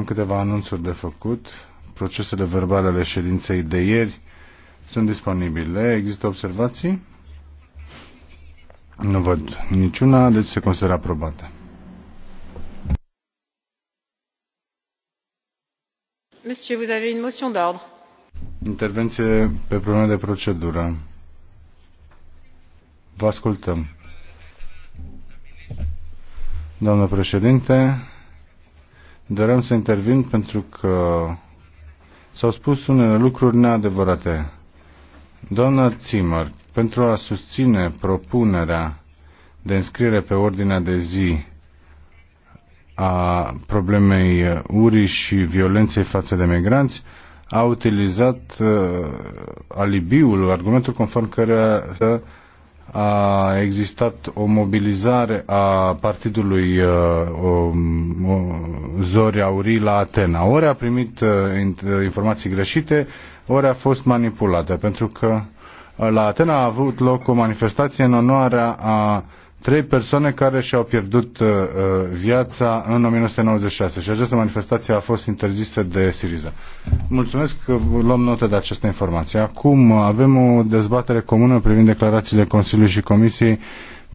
Am câteva anunțuri de făcut. Procesele verbale ale ședinței de ieri sunt disponibile. Există observații? Nu văd niciuna, deci se consideră aprobate. Monsieur, vous avez une motion d'ordre. Intervenție pe probleme de procedură. Vă ascultăm. Doamnă președinte, doream să intervin pentru că s-au spus unele lucruri neadevărate. Doamna Zimmer, pentru a susține propunerea de înscriere pe ordinea de zi a problemei urii și violenței față de migranți, a utilizat uh, alibiul, argumentul conform căruia a existat o mobilizare a Partidului uh, o, Zori Aurii la Atena. Ori a primit uh, uh, informații greșite, ori a fost manipulată, pentru că uh, la Atena a avut loc o manifestație în onoarea a trei persoane care și-au pierdut viața în 1996 și această manifestație a fost interzisă de Siriza. Mulțumesc că luăm notă de această informație. Acum avem o dezbatere comună privind declarațiile Consiliului și Comisiei